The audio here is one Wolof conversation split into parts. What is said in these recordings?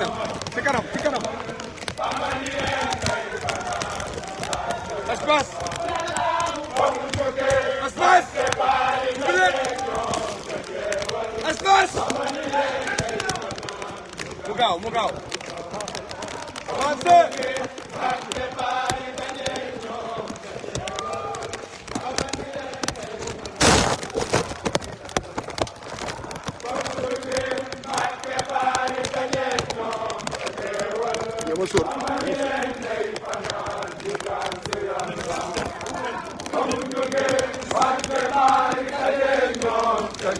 não. Fica não, fica não. As passes. As passes. As passes. Mugal, Mugal. Avança!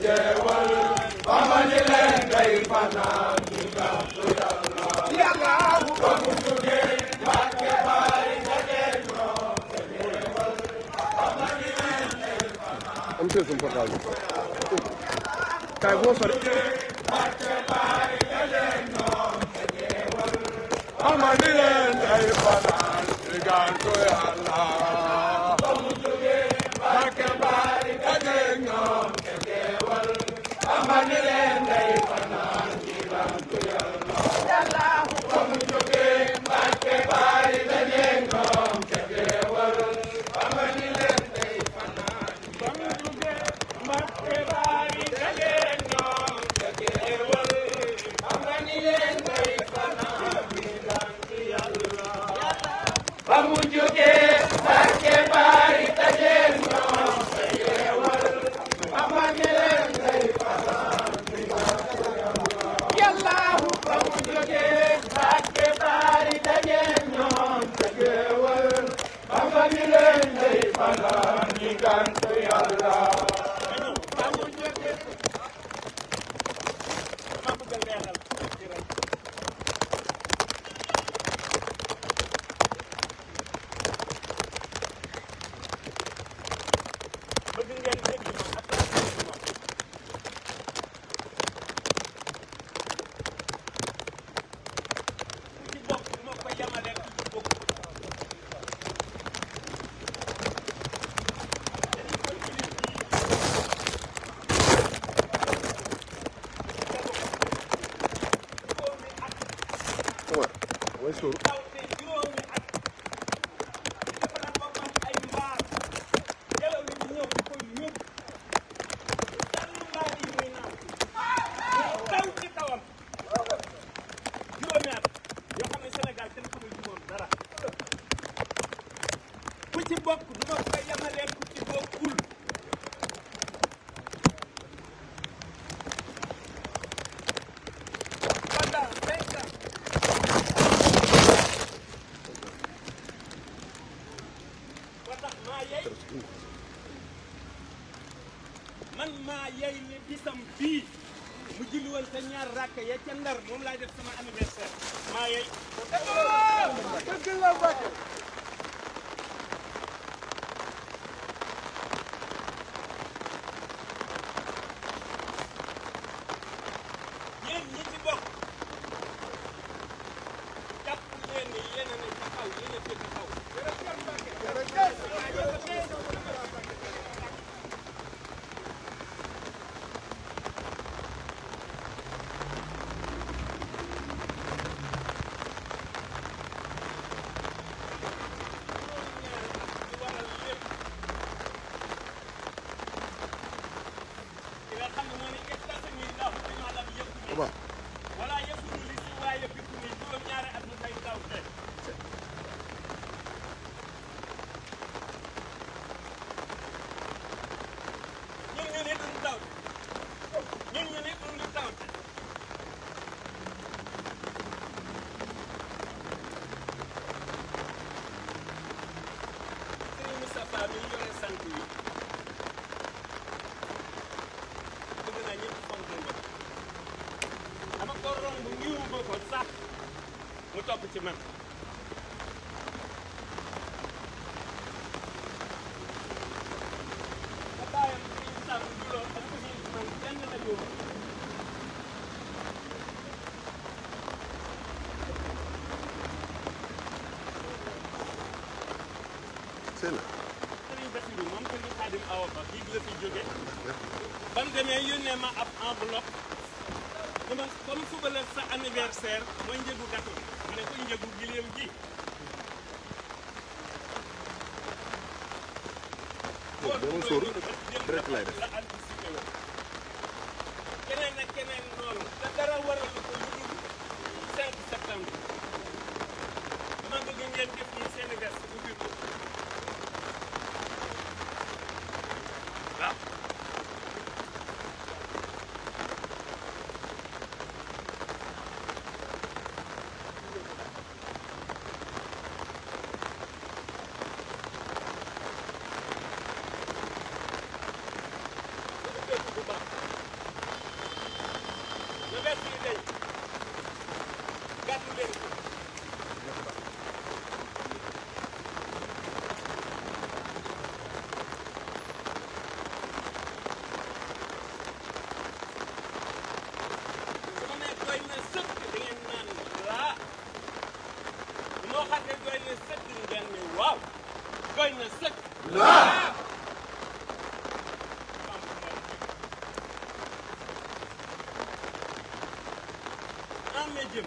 jewal bamani leen day fanaan ñu gàttu yàlla yàlla ba mu jógee mbàkke baay jagee ñoo te am teel sama portable kaay boo sori Ireland, Jalan di kantor Allah let's go. bisam bii mu julli woon sa ñaar rakk ya ca ndar moom laay def sama anniversaire maa yey dëgg la Mbacke Bye-bye. الاهتمام sëñ la. sëriñ Bassirou moom sëriñ Xaadim Awa Ba biig la fi jóge ba mu demee yónnee ma ab enveloppe. dama comme suba la sa anniversaire mooy njëgu gâteau bi. mu ne ko njëgu gileem gi boobu sóor direct lay def la anticipé woon keneen ak keneen noonu te dara waral ko lu dul 5 septembre dama bëgg ngeen def ni seen veste bu biir ko jëm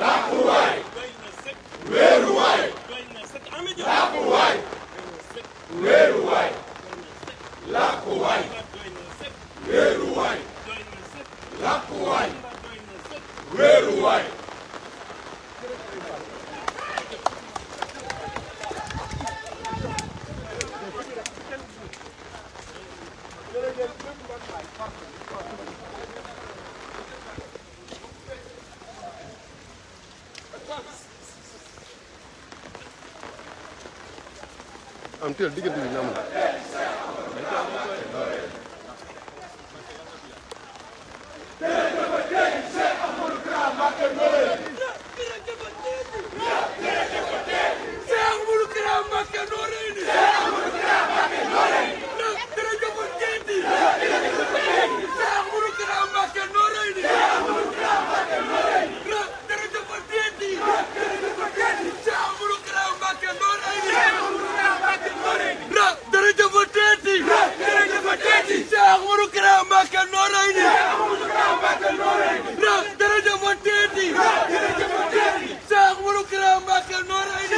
làquwaay wéeruwaay làquwaay wéeruwaay làquwaay wéeruwaay làquwaay wéeruwaay am teel diggante bi ñu amoon teeti jërëjëf teeti Cheikh Ahmadou Kara Mbacké Noreyni Cheikh Ahmadou Kara Mbacké Noreyni jërëjëf teeti jërëjëf teeti Cheikh Ahmadou Kara Mbacké Noreyni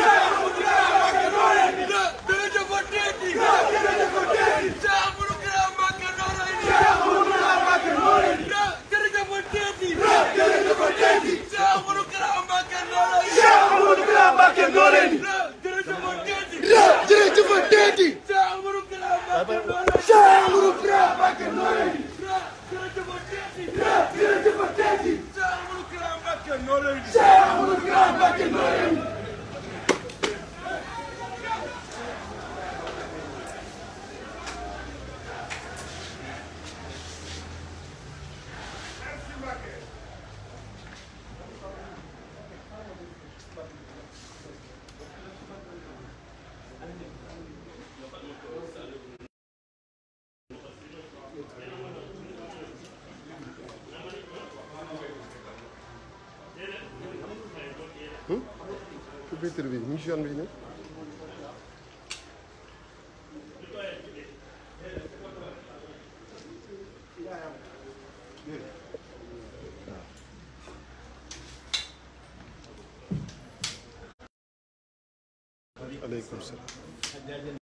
Peter Bey, Michigan Bey'in